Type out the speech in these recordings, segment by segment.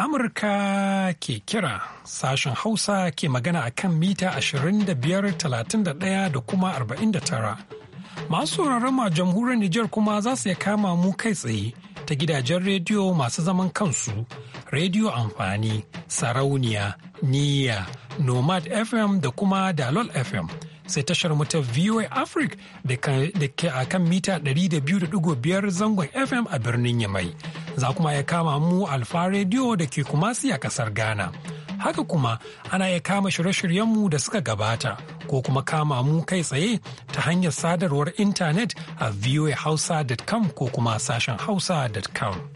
Amurka ke kira sashen Hausa ke magana a kan mita 25,31 da kuma 49. Masu ma jamhuriyar Nijar kuma za su iya kama mu kai tsaye ta gidajen rediyo masu zaman kansu, rediyo amfani, sarauniya, niyya, nomad FM da kuma dalol FM. sai tashar mu ta VOA Africa da ke a kan mita 200.5 zangon FM a birnin Yamai. Za kuma ya kama mu Alfa Radio da ke kumasi a kasar Ghana. Haka kuma ana iya kama shirye-shiryenmu da suka gabata ko kuma kama mu kai tsaye ta hanyar sadarwar intanet a voahausa.com ko kuma sashen hausa.com.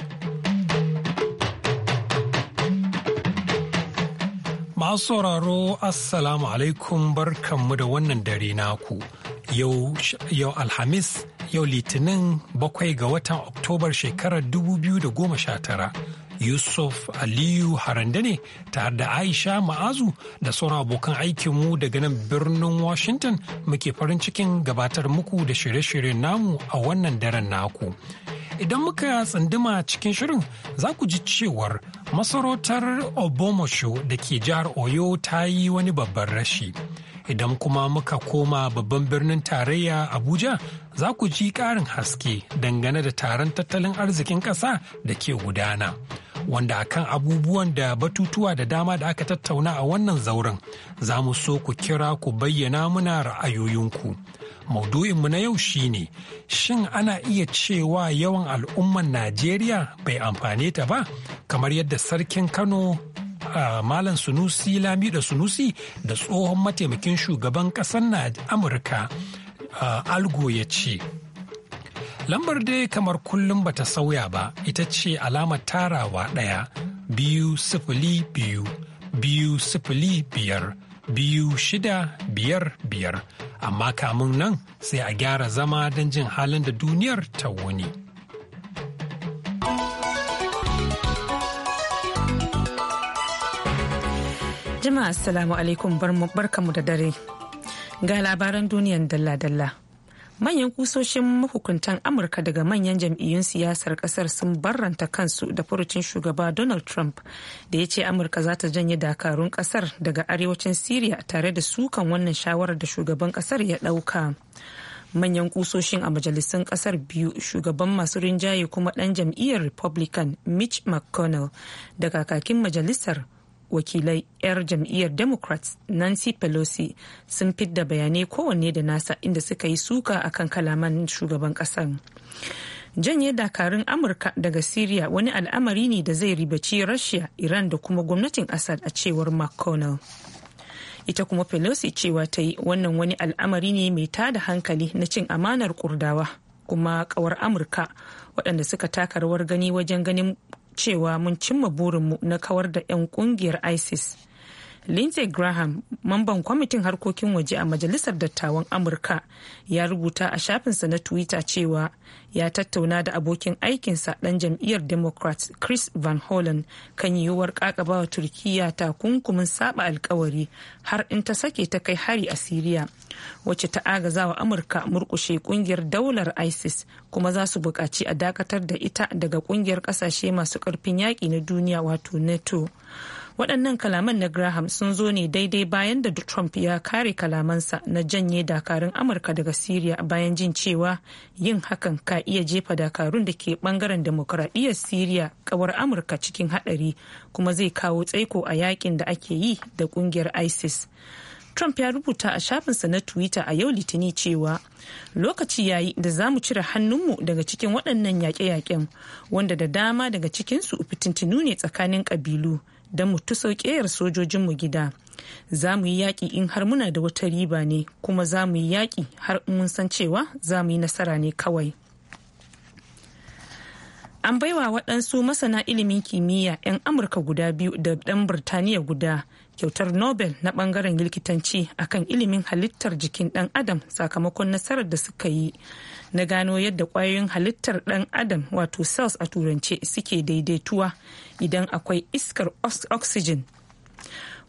Masu sauraro Assalamu alaikum barkanmu da wannan dare naku. Yau, yau Alhamis, yau Litinin bakwai ga watan Oktobar shekarar 2019. Yusuf Aliyu Haranda ne tare da Aisha Ma'azu da sauran abokan aikinmu daga nan birnin Washington muke farin cikin gabatar muku da shirye-shiryen namu a wannan daren naku. Idan muka tsinduma cikin shirin za ku ji cewar Masarautar Obomosho da ke jihar Oyo ta yi wani babban rashi. Idan kuma muka koma babban birnin tarayya Abuja za ku ji ƙarin haske dangane da taron tattalin arzikin ƙasa da ke gudana. Wanda akan abubuwan da batutuwa da dama da aka tattauna a wannan zauren za mu so ku kira ku bayyana muna ra'ayoyinku. Maudu'inmu na yau shine shin ana iya cewa yawan al'umman Najeriya bai amfane ta ba kamar yadda sarkin Kano uh, Malam Sunusi da Sunusi da tsohon mataimakin shugaban ƙasar Amurka uh, Algo ya ce. Lambar dai kamar kullum ba ta sauya ba ita ce alamar tarawa ɗaya biyu sifili biyu biyu sifili biyar biyu shida biyar biyar. amma kamun nan sai a gyara zama don jin halin da duniyar ta wuni. Jama'a Assalamu alaikum barkamu da dare. Ga labaran duniyan dalla-dalla. manyan kusoshin mahukuntan amurka daga manyan jam'iyyun siyasar kasar sun barranta kansu da furucin shugaba donald trump da ya ce amurka za ta janye dakarun kasar daga arewacin syria tare da sukan wannan shawarar da shugaban kasar ya dauka. manyan kusoshin a majalisun kasar biyu shugaban masu rinjaye kuma dan jam'iyyar republican mitch mcconnell da kakakin majalisar wakilai 'yar jam'iyyar democrats nancy pelosi sun fidda bayanai kowanne da nasa inda suka yi suka a kan kalaman shugaban kasar. janye dakarun amurka daga syria wani al'amari ne da zai ribaci russia iran da kuma gwamnatin assad a cewar mcconnell ita kuma pelosi cewa ta yi wannan wani al'amari ne mai tada hankali na cin amanar kurdawa kuma kawar amurka waɗanda suka taka rawar gani wajen ganin cewa mun cimma burinmu na kawar da 'yan kungiyar isis lindsey graham mamban kwamitin harkokin waje a majalisar dattawan amurka ya rubuta a shafinsa na twitter cewa ya tattauna da abokin aikinsa ɗan jam'iyyar democrat chris van hollen kan yiwuwar kakabawa turkiya takunkumin saba alkawari har in ta sake ta kai hari a siriya wacce ta agaza wa amurka murkushe ƙungiyar daular isis kuma za su buƙaci a dakatar da ita daga ƙungiyar ƙasashe masu ƙarfin yaƙi na duniya wato nato waɗannan kalaman na graham sun zo ne daidai bayan da trump ya kare kalamansa na janye dakarun amurka daga syria bayan jin cewa yin hakan ka iya jefa dakarun da ke bangaren demokuraɗiyyar syria kawar amurka cikin haɗari kuma zai kawo tsaiko a yakin da ake yi da ƙungiyar isis Trump ya rubuta a shafinsa na Twitter a yau Litinin cewa lokaci yayi da za mu cire hannunmu daga cikin waɗannan yaƙe-yaƙen wanda da dama daga cikinsu fitintinu ne tsakanin ƙabilu don mu tuso ƙeyar sojojinmu gida za mu yi yaƙi in har muna da wata riba ne kuma za mu yi yaƙi har mun san cewa za mu yi nasara ne kawai an baiwa waɗansu masana ilimin kimiyya 'yan amurka guda biyu da ɗan birtaniya guda kyautar nobel na bangaren likitanci akan ilimin halittar jikin dan adam sakamakon nasarar da suka yi na gano yadda kwayoyin halittar dan adam wato cells a turance suke daidaituwa idan akwai iskar oxygen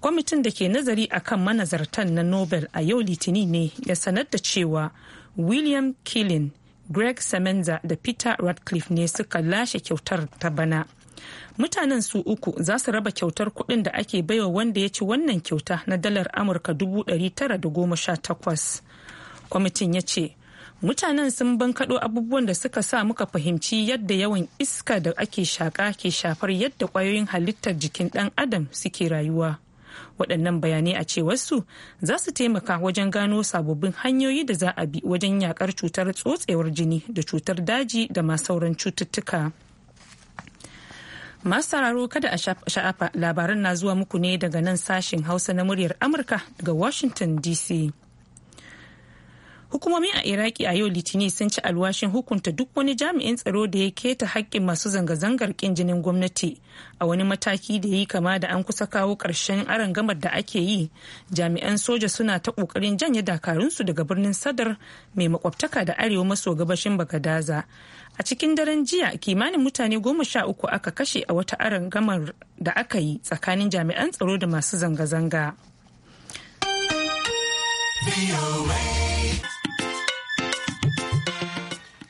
kwamitin da ke nazari akan manazartan na nobel a yau litini ne ya sanar da cewa william killing greg semenza da peter radcliffe ne suka lashe kyautar ta bana mutanen su uku za su raba kyautar kuɗin da ake baiwa wanda ya ci wannan kyauta na dalar amurka takwas kwamitin ya ce mutanen sun bankaɗo abubuwan da suka sa muka fahimci yadda yawan iska da ake shaƙa ke shafar yadda ƙwayoyin halittar jikin ɗan adam suke rayuwa waɗannan bayanai a cewarsu za su taimaka wajen gano sababbin hanyoyi da za a bi wajen yakar cutar tsotsewar jini da cutar daji da ma sauran cututtuka. Masu sauraro kada a sha'afa labaran na zuwa muku ne daga nan sashen Hausa na muryar Amurka daga Washington DC. Hukumomi a Iraki a yau Litinin sun ci alwashin hukunta duk wani jami'in tsaro da ya keta haƙƙin masu zanga-zangar ƙin jinin gwamnati a wani mataki da ya yi kama da an kusa kawo ƙarshen gamar da ake yi jami'an soja suna ta ƙoƙarin janye dakarunsu daga birnin sadar mai makwabtaka da arewa maso gabashin Bagadaza a cikin daren jiya kimanin mutane goma sha uku aka kashe a wata arangamar da aka yi tsakanin jami'an tsaro da masu zanga-zanga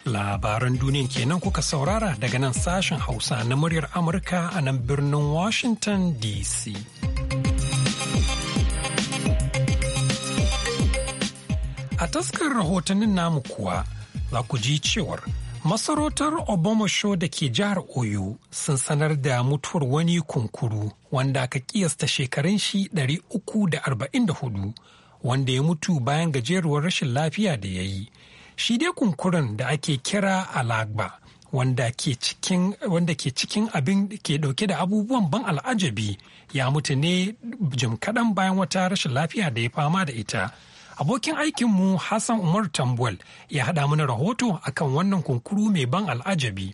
labaran duniya kenan kuka saurara daga nan sashen hausa na muryar amurka a nan birnin washington dc a taskar rahotannin namu kuwa za ku ji cewar Masarautar show da ke jihar Oyo sun sanar da mutuwar wani kunkuru wanda aka kiyasta shekarun shi 344 wanda ya mutu bayan gajeruwar rashin lafiya da ya yi. Shi dai kunkurin da ake kira alagba wanda ke cikin wanda ke abin ke dauke da abubuwan ban al'ajabi ya mutu ne jim kaɗan bayan wata rashin lafiya da ya fama da ita. Abokin aikinmu Hassan Umar Tambwal ya haɗa mana rahoto akan wannan kunkuru mai ban al'ajabi.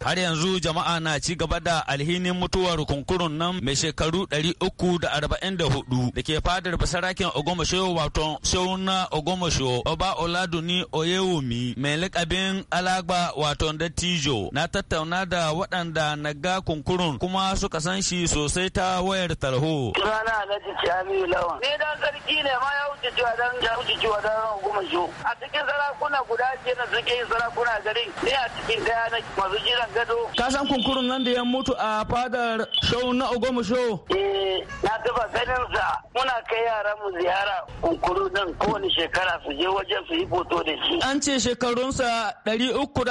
Har yanzu jama'a na ci gaba da alhinin mutuwar kunkurun nan mai shekaru 344 da ke fadar basarakin Ogomosho wato Shehuna Ogomosho Oba Oladuni Oyewumi mai likabin Alagba wato Dattijo na tattauna da waɗanda naga kunkurun kuma suka san shi sosai ta wayar tarho. Rana na jiki Aliyu Lawan. ne dan sarki ne ma ya wuce ciwa dan ya wuce ciwa dan Ogomosho. A cikin sarakuna guda ce na suke yin sarakuna gari ne a cikin daya na masu jiran Kasan gado. Ka san kunkurun nan da ya mutu a fadar show na Ogomu show? Eh, na taba ganin sa muna kai yara mu ziyara kunkuru nan kowane shekara su je wajen su yi foto da shi. An ce shekarunsa ɗari uku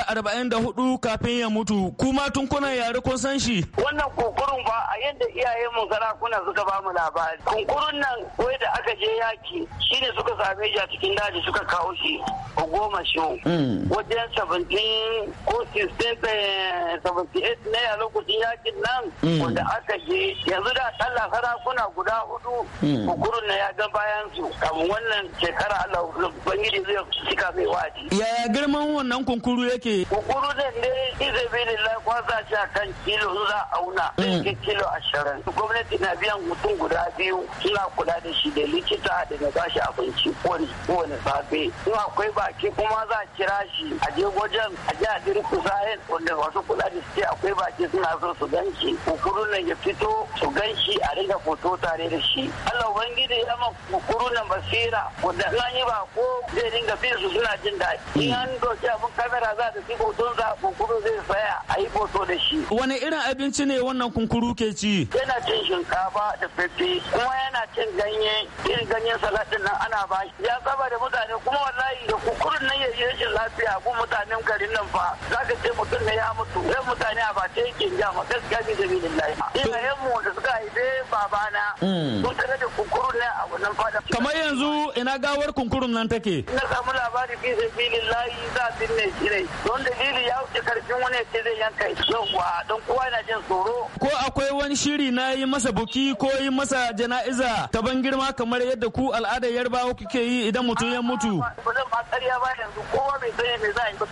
kafin ya mutu. Kuma tun kuna yare kun san shi? Wannan kunkurun ba a yadda iyayen mu sarakuna suka ba mu labari. Kunkurun nan wai da aka je yaki shine suka same shi a cikin daji suka kawo shi Ogoma show. Hmm. Wajen 17 ko 16 78 ne ya lokacin yakin nan hmm. wanda aka je yanzu da akalla sarakuna guda hudu hmm. hukurun na ya gan bayan su kamun wannan shekara Allah bangiji zai cika mai wadi Yaya girman wannan kunkuru yake? Kunkuru ne ne lai kwasa shi a kan kilo za auna hmm. zai kilo ashirin. Gwamnati na biyan mutum guda biyu suna kula da shi da likita da na bashi abinci kowane safe. In akwai baki kuma za a kira shi a je wajen a je a dirku sahin wanda wasu su kula da suke akwai baki suna so su gan shi kukurun nan ya fito su gan shi a riga foto tare da shi Allah ubangiji ya ma kukurun nan basira wanda an yi ba ko zai dinga bin su suna jin daɗi in an doki abin kamera za ta fi hoton za kunkuru zai tsaya a yi foto da shi. wani irin abinci ne wannan kunkuru ke ci. yana cin shinkafa da fefe kuma yana cin ganye irin ganyen salatin nan ana ba shi ya saba da mutane kuma wallahi da kukurun nan ya yi rashin lafiya ko mutanen garin nan fa za ka ce mutum ne ya mutu su zan mutane a bace yake ja ma gaskiya bi sabilin ina yan mu da suka haife babana mm. sun tare da kunkurun ne a wannan fada kamar yanzu ina gawar kunkurun nan take na samu labari bi sabilin lahi za a binne shirai ne don dalili ya wuce karfin wani ce zai yanka wa don kowa yana jin tsoro ko akwai wani shiri na yi masa buki ko yi masa jana'iza ta ban girma kamar yadda ku al'adar yarbawa kuke yi idan mutum ya mutu ba zan ba ƙarya ba yanzu kowa bai sani me za a yi ba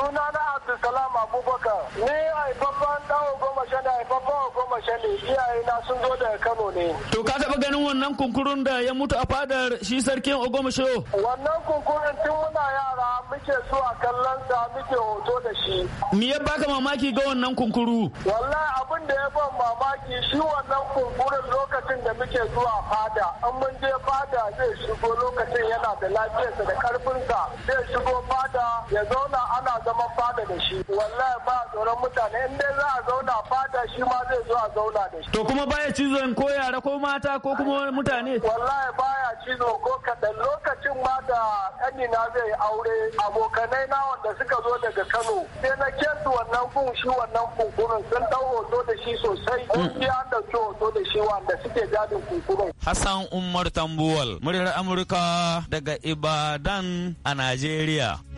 suna na abdulsalam abubakar ni haifafan ɗan goma sha da haifafan goma sha ne Ina sun zo daga Kano ne. To ka taɓa ganin wannan kunkurun da ya mutu a fadar shi sarkin Ogomosho? Wannan kunkurun tun muna yara muke zuwa kallon sa muke hoto da shi. Me ya baka mamaki ga wannan kunkuru? Wallahi abin da ya ban mamaki shi wannan kunkurun lokacin da muke zuwa fada an mun je fada zai shigo lokacin yana da lafiyarsa da karfinsa zai shigo fada ya zauna ana zaman fada da shi. Wallahi ba tsoron mutane in dai za a zauna fada shi ma zai zo a zauna da shi. To kuma baya cizon ko yara ko mata ko kuma mutane? Wallahi baya cizo ko kaɗan lokacin ma da ƙanina zai aure abokanai na wanda suka zo daga Kano. Sai na kesu wannan kun shi wannan kunkurin sun ɗau hoto da shi sosai. Gaskiya mm. an ɗauki hoto da shi wanda suke gadin kunkurin. Hassan Umar Tambuwal, muryar Amurka daga Ibadan a Najeriya.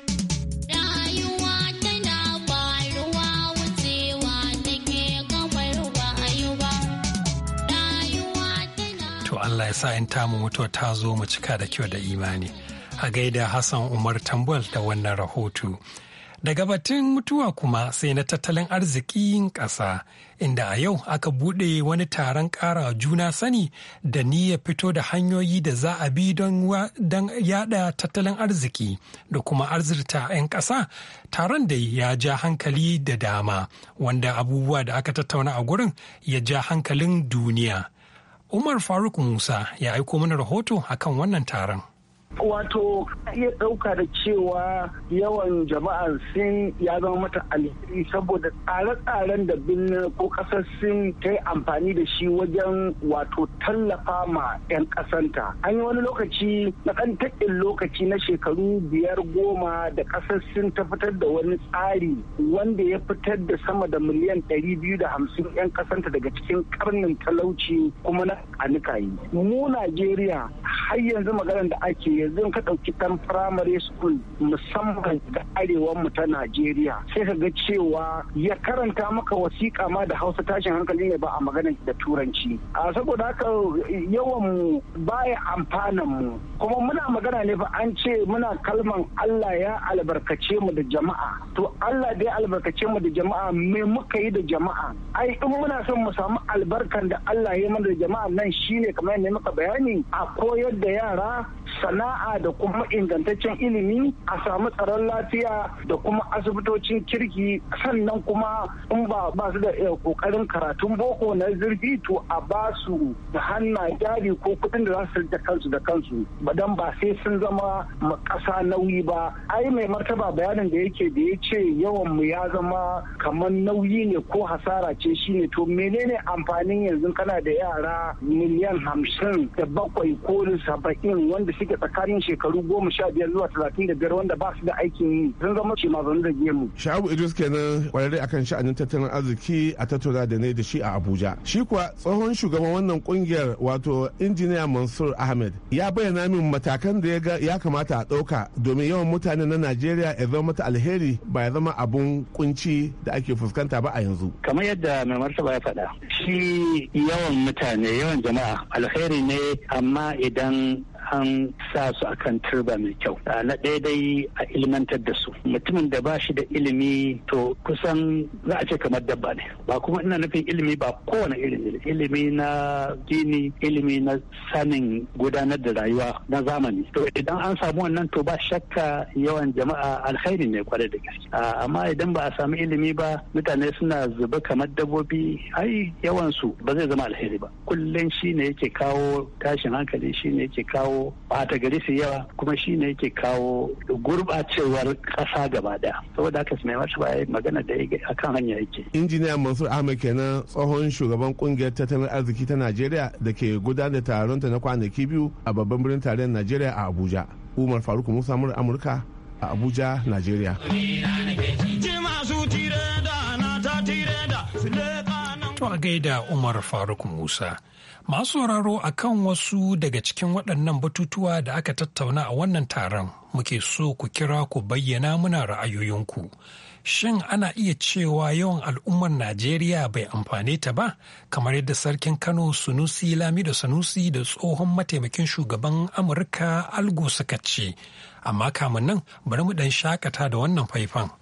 Allah ya sa in tamu mutuwa ta zo mu cika da kyau da imani. A gaida Hassan Umar Tambal da wannan rahoto. Daga batun mutuwa kuma sai na tattalin arzikin ƙasa, inda a yau aka buɗe wani taron ƙara juna sani da niyyar fito da hanyoyi da za a bi don yada tattalin arziki da kuma arzirta 'yan ƙasa. Taron da ya ja hankali da dama, wanda abubuwa da aka tattauna a gurin ya ja hankalin duniya. Umar Faruk Musa ya aiko mana rahoto akan wannan taron. wato iya ɗauka da cewa yawan jama'ar sin ya zama mata alheri saboda tsare-tsaren da birnin ko ƙasar sin ta yi amfani da shi wajen wato tallafa ma 'yan ƙasanta an yi wani lokaci na ɗan taƙin lokaci na shekaru biyar goma da ƙasar sin ta fitar da wani tsari wanda ya fitar da sama da miliyan ɗari biyu da hamsin 'yan ƙasanta daga cikin karnin talauci kuma na anikayi mu najeriya har yanzu maganar da ake yanzu ka ɗauki ɗan firamare school musamman ga arewa mu ta Najeriya sai ka ga cewa ya karanta maka wasiƙa ma da Hausa tashin hankali ne ba a magana da Turanci. A saboda haka yawan mu baya amfanan mu kuma muna magana ne fa an ce muna kalman Allah ya albarkace mu da jama'a to Allah dai albarkace mu da jama'a me muka yi da jama'a ai in muna son mu samu albarkan da Allah ya mana da jama'a nan shine kamar yadda muka bayani a koyar da yara sana'a da kuma ingantaccen ilimi a samu tsaron lafiya da kuma asibitocin kirki sannan kuma in ba ba su da kokarin eh, karatun boko na zirgi to a ba su da hanna jari ko kuɗin da za su da kansu da kansu badan ba sai sun zama ƙasa nauyi ba ai mai martaba bayanin da yake da ya ce yawan mu ya zama kamar nauyi ne ko hasara ce shine to menene amfanin yanzu kana da yara miliyan hamsin da bakwai ko saba'in wanda suke da tsakanin shekaru goma sha biyar zuwa talatin da biyar wanda ba su da aikin yi sun zama ce mazan da gemu. Shabu Idris kenan kwararre akan sha'anin tattalin arziki a tattauna da ne da shi a Abuja. Shi kuwa tsohon shugaban wannan kungiyar wato injiniya Mansur Ahmed ya bayyana min matakan da ya ya kamata a ɗauka domin yawan mutane na Najeriya ya zama mata alheri ba ya zama abun kunci da ake fuskanta ba a yanzu. Kamar yadda mai martaba ya faɗa shi yawan mutane yawan jama'a alheri ne amma idan an sa su a kan turba mai kyau ah, na ɗaya dai a ilmantar da su mutumin da ba shi da ilimi to kusan za a ce kamar dabba ne ba kuma ina nufin ilimi ba kowane ilimi ilimi na gini ilimi na sanin gudanar da rayuwa na zamani to idan an samu wannan to ba shakka yawan jama'a alkhairi ne kwarai da gaske ah, amma idan ba a samu ilimi ba mutane suna zuba kamar dabbobi ai yawan su ba zai zama alkhairi ba kullum ne yake kawo tashin hankali shi ne yake kawo kawo ta gari su yawa kuma shi ne yake kawo gurɓacewar ƙasa gaba daya saboda haka su mai ba magana da ya akan hanya yake. injiniya mansur ahmed kenan tsohon shugaban kungiyar tattalin arziki ta najeriya da ke gudanar da taronta na kwanaki biyu a babban birnin tarayyar najeriya a abuja umar faruk musa mura amurka a abuja najeriya. To a gaida Umar Faruk Musa. Masu sauraro a kan wasu daga cikin waɗannan batutuwa da aka tattauna a wannan taron muke so ku kira ku bayyana muna ra'ayoyinku. Shin ana iya cewa yawan al'ummar Najeriya bai amfane ta ba, kamar yadda sarkin Kano Sunusi da Sanusi da tsohon mataimakin shugaban Amurka Algo suka ce, amma kamun nan bari mu ɗan shakata da wannan faifan.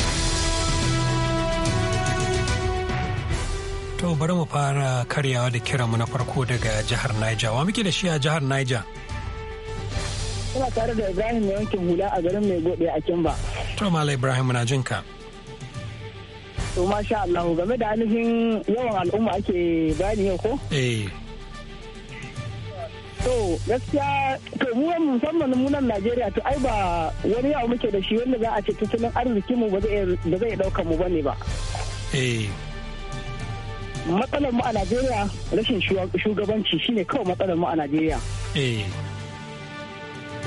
To bari mu fara karyawa da kiranmu na farko daga jihar Niger. Wa muke da shi a jihar Niger? Ina tare da Ibrahim mai wankin hula a garin mai gode a Kimba. To Malam Ibrahim muna jin ka. To masha Allah game da ainihin yawan al'umma ake bani yau ko? Eh. to gaskiya to mu musamman mu nan Najeriya to ai ba wani yawo muke da shi wanda za a ce tattalin arzikin mu ba zai ba zai dauka mu bane ba eh matsalar mu a Najeriya rashin shugabanci shine kawai matsalar mu a Najeriya. Eh.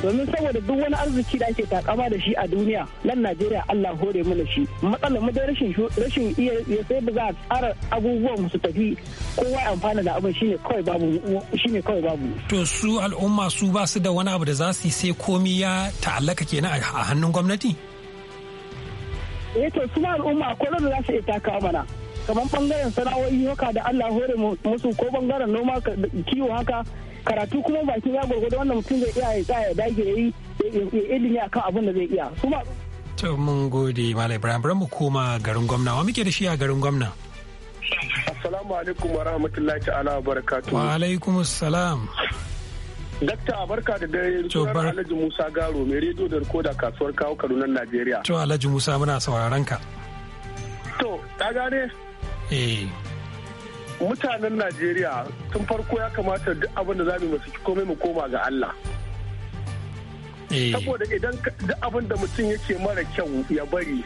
domin saboda duk wani arziki da ake takama da shi a duniya nan najeriya allah hore mana shi matsalar mu dai rashin rashin iya sai da za a tsara abubuwan su tafi kowa amfana da abin shine kawai babu shine kawai babu to su al'umma su ba su da wani abu da za su yi sai komi ya ta'allaka kenan a hannun gwamnati eh to su al'umma akwai da za su iya taka mana kamar bangaren sana'o'i haka da Allah hore musu ko bangaren noma kiwo haka karatu kuma bakin ya gwargwado wannan mutum zai iya ya tsaya ya dage ya yi ilimi akan abin da zai iya kuma to mun gode malai ibrahim bari mu koma garin gwamna wa muke da shi a garin gwamna assalamu alaikum wa rahmatullahi ta'ala wa barakatuhu wa alaikum assalam Dakta barka da dare sunan Alhaji Musa Garo mai rediyo da rikoda kasuwar kawo Kaduna Najeriya. To Alhaji Musa muna sauraron ka. To, ta gane Eh. mutanen najeriya tun farko ya kamata duk abin da za mu masu komai mu koma ga allah eh. saboda idan duk abin da mutum yake mara kyau ya bari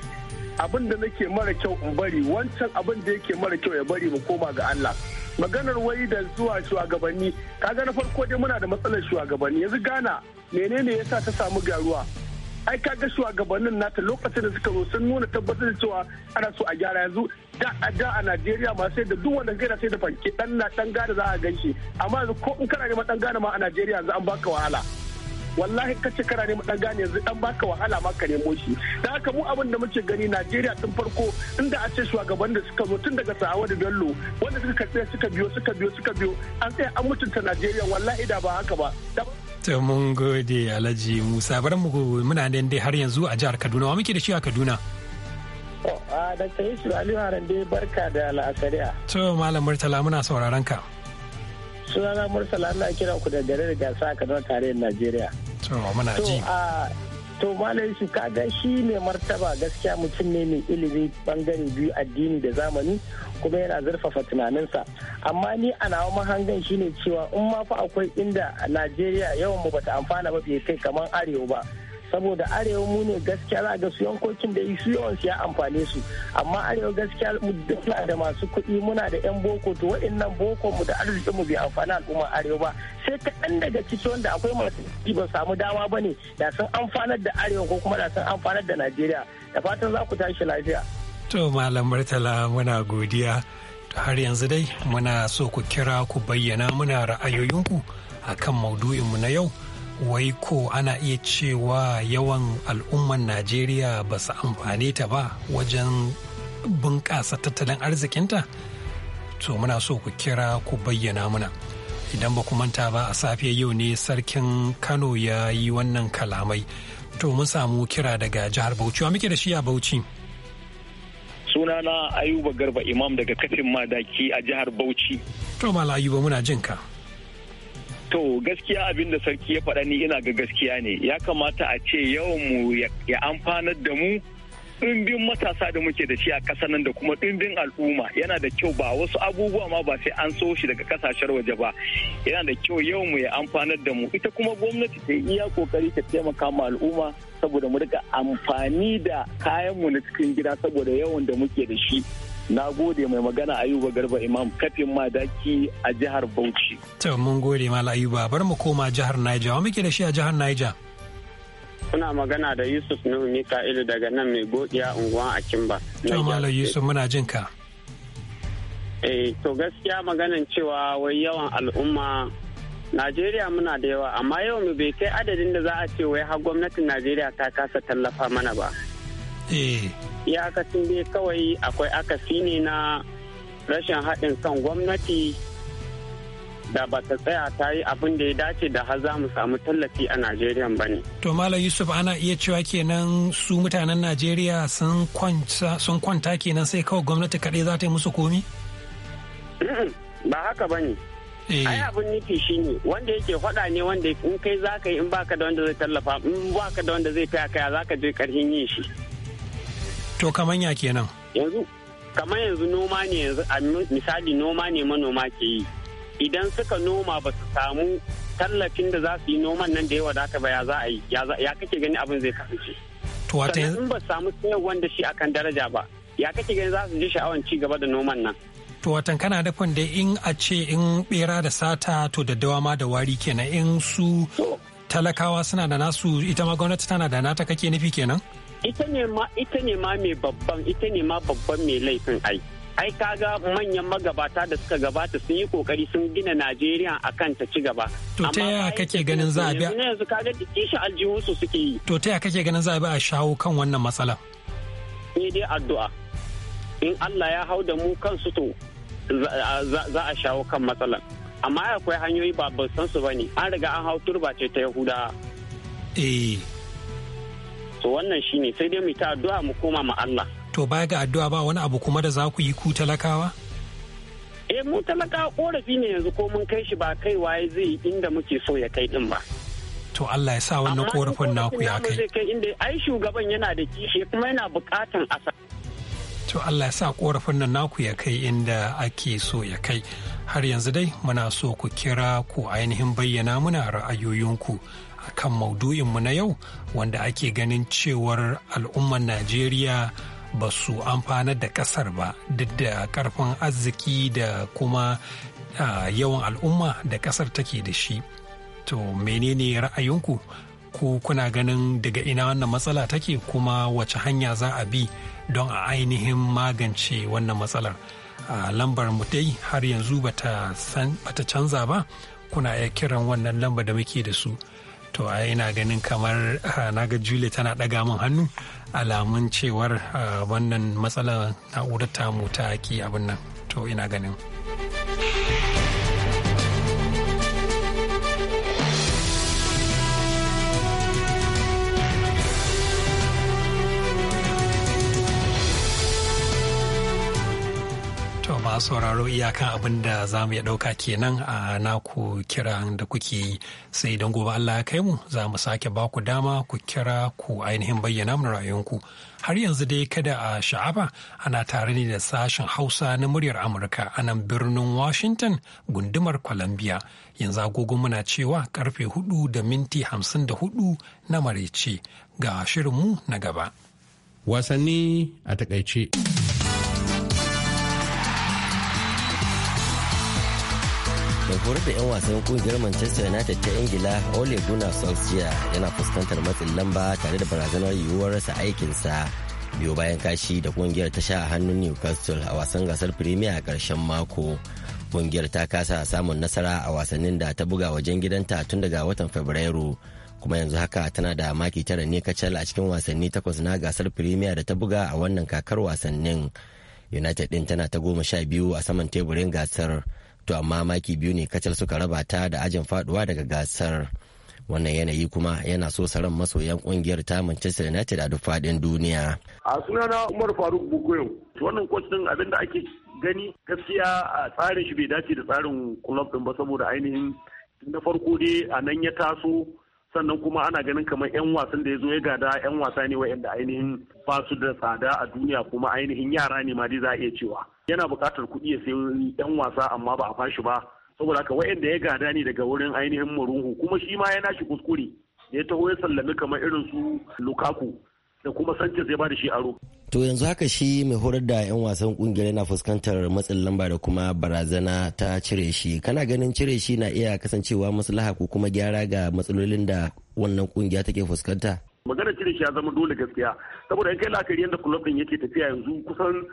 abin da nake mara kyau in bari wancan abin da yake mara kyau ya bari mu koma ga allah maganar wai da zuwa shugabanni kaga na farko dai muna da matsalar shugabanni yanzu gana menene yasa ta samu garuwa ai ka ga shugabannin nata lokacin da suka zo sun nuna tabbatar da cewa ana so a gyara yanzu da a da a Najeriya ma sai da duk wanda kai sai da fanke dan na dan gane za a ganshi amma yanzu ko in kana neman dan gane ma a Najeriya yanzu an baka wahala wallahi ka ce kana neman dan gane yanzu dan baka wahala ma ka nemo shi da haka mu abin da muke gani Najeriya tun farko inda a ce shugaban da suka zo tun daga Sahawa da Bello wanda suka tsaya suka biyo suka biyo suka biyo an tsaya an mutunta Najeriya wallahi da ba haka ba To mun gode Alhaji Musa bari mu muna nan dai har yanzu a jihar Kaduna wa muke da shi a Kaduna. a Dr. Yusuf Ali Haran dai barka da la'asariya. To Malam Murtala muna sauraron ka. Sunana Murtala ana kiran ku da da gasa a Kaduna tarayyar Najeriya. To muna ji. to malam su kaga shi ne martaba gaskiya mutum ne mai ilimi bangare biyu addini da zamani kuma yana zurfafa tunaninsa amma ni a nawa mahangan shine cewa in ma fa akwai inda najeriya yawan mu bata amfana ba bai kai kamar arewa ba saboda arewa mu ne gaskiya za ga su yankokin da su yawan ya amfane su amma arewa gaskiya mu muna da masu kuɗi muna da yan boko to waɗannan boko mu da arzikin mu bai amfani al'umma arewa ba sai kaɗan daga ciki wanda akwai masu kuɗi ba samu dama ba ne da sun amfanar da arewa ko kuma da sun amfanar da najeriya da fatan za ku tashi lafiya. to malam murtala muna godiya to har yanzu dai muna so ku kira ku bayyana muna ra'ayoyinku akan maudu'inmu na yau wai ko ana iya cewa yawan al'umman najeriya ba su amfane ta ba wajen bunƙasa tattalin arzikinta to muna so ku kira ku bayyana muna idan ba ku manta ba a safiya yau ne sarkin kano ya yi wannan kalamai to mun samu kira daga jihar bauchi wa muke da shi a bauchi sunana ayuba garba imam daga kafin madaki a jihar bauchi to mala ayuba muna jin ka To gaskiya abin da sarki ya faɗa ni ina ga gaskiya ne ya kamata a ce yawan mu ya amfanar da mu ɗimbin matasa da muke da shi a ƙasa nan da kuma ɗimbin al'umma yana da kyau ba wasu abubuwa ma ba sai an so shi daga ƙasashen waje ba yana da kyau yau mu ya amfanar da mu ita kuma gwamnati ta iya ƙoƙari ta taimaka ma al'umma saboda mu rika amfani da kayanmu na cikin gida saboda yawan da muke da shi na gode mai magana ayuba garba imam kafin madaki a jihar bauchi to mun gode mala ayuba bar mu koma jihar niger wa muke da shi a jihar niger Muna magana da Yusuf Nuhu Mika'ilu daga nan mai godiya unguwa a Kimba. To Malam Yusuf muna jin ka. Eh to gaskiya maganan cewa wai yawan al'umma Najeriya muna da yawa amma yau mu bai kai adadin da za a ce wai har gwamnatin Najeriya ta kasa tallafa mana ba. Eh. Ya kasin dai kawai akwai akasi ne na rashin haɗin kan gwamnati da ba ta tsaya ta yi abin da ya dace da har za mu samu tallafi a Najeriya ba ne. To Malam Yusuf ana iya cewa kenan su mutanen Najeriya sun kwanta kenan sai kawai gwamnati kaɗai za ta yi musu komi? Ba haka ba ne. Eh. Ai abin nufi shi ne wanda yake faɗa ne wanda in kai za ka yi in baka da wanda zai tallafa in baka da wanda zai taya kaya za ka je ƙarfin yin shi. To kamanya kenan. Yanzu kamar yanzu noma ne yanzu a misali noma ne manoma ke yi. Idan suka noma ba su samu tallafin da za su yi noman nan da ya wadata ba ya za a yi ya kake gani abin zai kasance. To wata yanzu. ba samu sayar wanda shi akan daraja ba ya kake gani za su ji sha'awan ci gaba da noman nan. To watan kana dafin da in a ce in bera da sata to da dawa ma da wari kenan in su talakawa suna da nasu ita ma gwamnati tana da nata kake nufi kenan? ita ne ma ita ne ma mai babban ita ne ma babban mai laifin ai ai kaga manyan magabata da suka gabata sun yi kokari sun gina Najeriya akan ta ci gaba to ta yaya kake ganin za a bi yanzu kaga kishi aljihun su suke yi to ta yaya kake ganin za a bi a shawo kan wannan matsala ni dai addu'a in Allah ya hau da mu kansu to za a shawo kan matsalan amma akwai hanyoyi ba san su bane an riga an hau turba ce ta yahuda eh so wannan shine sai dai mu ta addu'a mu koma ma Allah to baya ga addu'a ba wani abu kuma da za ku yi ku talakawa eh mu talakawa korafi ne yanzu ko mun kai shi ba kai waye zai inda muke so ya kai din ba to Allah ya sa wannan korafin naku ya kai zai kai inda ai shugaban yana da kishi kuma yana bukatan asa to Allah ya sa korafin nan naku ya kai inda ake so ya kai har yanzu dai muna so ku kira ku ainihin bayyana muna ra'ayoyinku akan maudu'inmu na yau wanda ake ganin cewar al'ummar Najeriya ba su amfanar da kasar ba duk da karfin arziki da kuma yawan al'umma da kasar take da shi. To menene ra'ayinku? Ku kuna ganin daga ina wannan matsala take kuma wace hanya za a bi don a ainihin magance wannan matsalar. a lambar mu dai har yanzu bata canza ba kuna iya kiran wannan lambar da muke da su to a ina ganin kamar na ga julie tana ɗaga min hannu alamun cewar wannan matsalar na'urar tamu ta ki abin nan to ina ganin. sauraro iyakan abin da za mu iya ɗauka kenan a naku kiran da kuke yi sai don gobe Allah ya kai mu za mu sake ba ku dama ku kira ku ainihin bayyana mu rayuwanku har yanzu dai kada a sha'aba ana tare ne da sashen hausa na muryar amurka a nan birnin washington gundumar columbia yanzu agogo muna cewa karfe hudu da minti hamsin da hudu na marece ga shirinmu na gaba wasanni a takaice. mai horar da 'yan wasan kungiyar manchester united ta ingila ole gunnar solskjaer yana fuskantar matsin lamba tare da barazanar yiwuwar rasa aikinsa biyo bayan kashi da kungiyar ta sha a hannun newcastle a wasan gasar premier a karshen mako kungiyar ta kasa samun nasara a wasannin da ta buga wajen gidanta tun daga watan fabrairu kuma yanzu haka tana da maki tara ne kacal a cikin wasanni takwas na gasar premier da ta buga a wannan kakar wasannin united din tana ta goma sha biyu a saman teburin gasar to amma maki biyu ne kacal suka raba ta da ajin faduwa daga gasar wannan yanayi kuma yana so saran masoyan kungiyar ta Manchester United a duk fadin duniya. A sunana Umar Faruk Bukoyo, wannan kwacin abin da ake gani gaskiya a tsarin shi bai dace da tsarin club din ba saboda ainihin na farko dai a nan ya taso sannan kuma ana ganin kamar 'yan wasan da ya zo ya gada 'yan wasa ne wa'anda ainihin ba su da tsada a duniya kuma ainihin yara ne ma dai za a iya cewa. yana buƙatar kuɗi ya sayi yan wasa amma ba a fashi ba saboda haka wayanda ya gada ne daga wurin ainihin murunhu kuma shi ma ya nashi kuskure ya taho ya sallami kamar irin su lukaku da kuma sanchez ya ba da shi aro to yanzu haka shi mai horar da 'yan wasan kungiyar yana fuskantar matsin lamba da kuma barazana ta cire shi kana ganin cire shi na iya kasancewa maslaha ko kuma gyara ga matsalolin da wannan kungiya take fuskanta magana cire shi ya zama dole gaskiya saboda in kai la'akari yadda kulob din yake tafiya yanzu kusan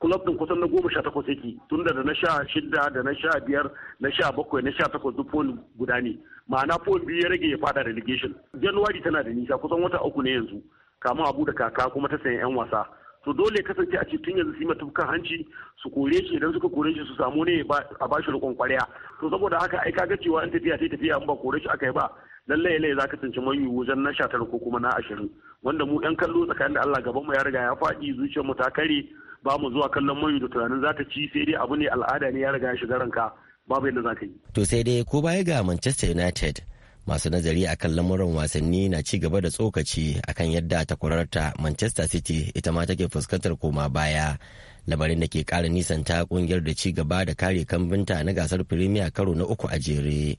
kulob din kusan na goma sha takwas yake tunda da na sha shida da na sha biyar na sha bakwai na sha takwas duk pol guda ne ma'ana pol biyu ya rage ya fada relegation januwari tana da nisa kusan wata uku ne yanzu kamun abu da kaka kuma ta sayan yan wasa to dole kasance a ce tun yanzu su yi hanci su kore shi idan suka kore shi su samu ne a bashi rikon kwarya to saboda haka ai kaga cewa in tafiya ta tafiya in ba kore shi aka yi ba lallai lai za ka tsinci manyu wajen na sha ko kuma na ashirin wanda mu yan kallo tsakanin da Allah gaban mu ya riga ya faɗi zuciyar mu ta kare ba mu zuwa kallon manyu da tunanin za ta ci sai dai abu ne al'ada ne ya riga ya shiga ranka babu yadda za ka yi. To sai dai ko baya ga Manchester United masu nazari a kan lamuran wasanni na ci gaba da tsokaci akan yadda takwararta Manchester City ita ma take fuskantar koma baya. Labarin da ke kara nisanta kungiyar da ci gaba da kare kambinta na gasar Premier karo na uku a jere.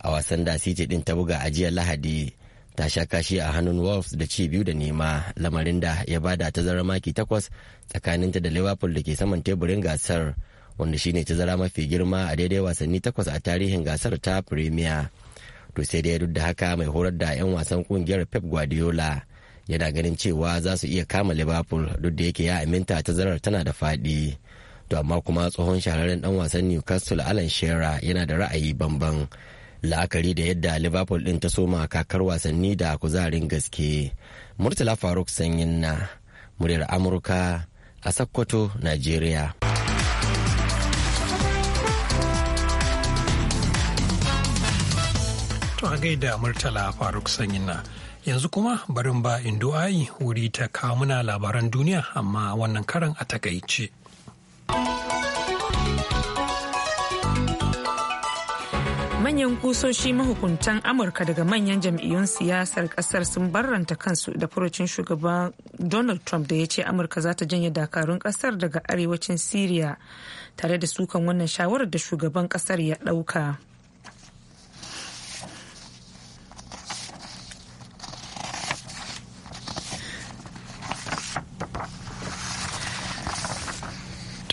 a wasan da City din ta buga a jiya Lahadi ta sha kashi a hannun Wolves da ci biyu da nema lamarin da ya bada tazarar maki takwas tsakaninta da Liverpool da ke saman teburin gasar wanda shine tazara mafi girma a daidai wasanni takwas a tarihin gasar ta Premier. To sai dai duk da haka mai horar da 'yan wasan kungiyar Pep Guardiola yana ganin cewa za su iya kama Liverpool duk da yake ya aminta tazarar tana da faɗi. To amma kuma tsohon shahararren dan wasan Newcastle Alan Shearer yana da ra'ayi bambam. la'akari da yadda liverpool ɗin ta soma kakar wasanni da kuzarin gaske murtala faruk sanyin na muryar amurka a sakkwato nigeria to a gaida murtala faruk sanyin na yanzu kuma barin ba indu'ai wuri ta kawo muna labaran duniya amma wannan karan a takaice. manyan kusoshi mahukuntan amurka daga manyan jam'iyyun siyasar kasar sun barranta kansu da furucin shugaban donald trump da ya ce amurka za ta janye dakarun kasar daga arewacin syria tare da sukan wannan shawarar da shugaban kasar ya ɗauka.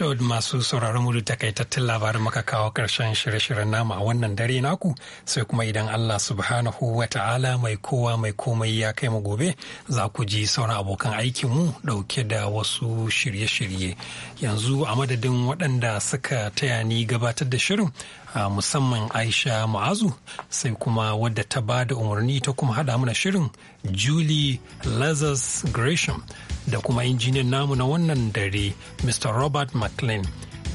To masu sauraron mu da takaitattun labarin maka kawo ƙarshen shirye-shiryen namu a wannan dare naku sai kuma idan Allah subhanahu wa ta'ala mai kowa mai komai ya kai mu gobe za ku ji sauran abokan aikin mu dauke da wasu shirye-shirye. Yanzu a madadin waɗanda suka taya ni gabatar da shirin A musamman aisha ma'azu sai kuma wadda ta ba da umarni ta kuma hada mana shirin julie lazarus gresham da kuma injiniyan namu na wannan dare mr robert mclean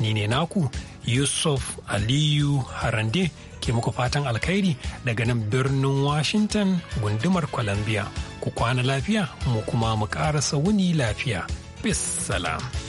ni ne naku yusuf aliyu harande ke muku fatan alkhairi daga nan birnin washington gundumar columbia ku kwana lafiya mu kuma mu ƙara wuni lafiya bis salam